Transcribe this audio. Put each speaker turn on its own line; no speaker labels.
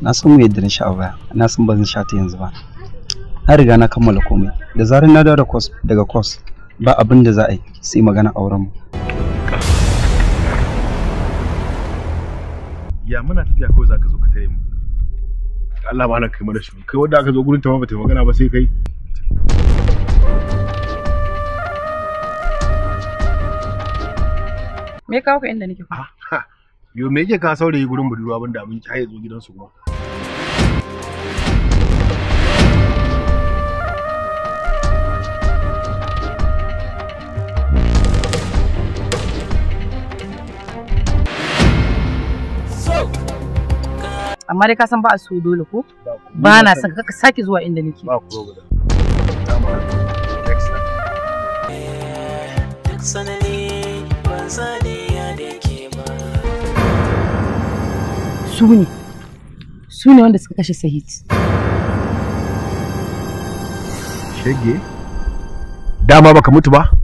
na san mu yadda na sha a baya na san ba zan sha ta yanzu ba na riga na kammala komai da zarar na dawo daga kwas ba abin da za a yi sai magana auren mu
ya muna tafiya kawai za ka zo ka tare mu
Allah ba na kai mana shi kai wanda aka zo gurin ta ba ta magana ba sai kai
me kawo ka inda nake fa
yo me yake ka saurayi gurin budurwa banda abin ki haye zo gidansu kuma
amma dai ka san ba a so dole ko ba na san ka sake zuwa inda nake ba ku guda
su ne su ne wanda suka kashe sahid
shege dama baka mutu ba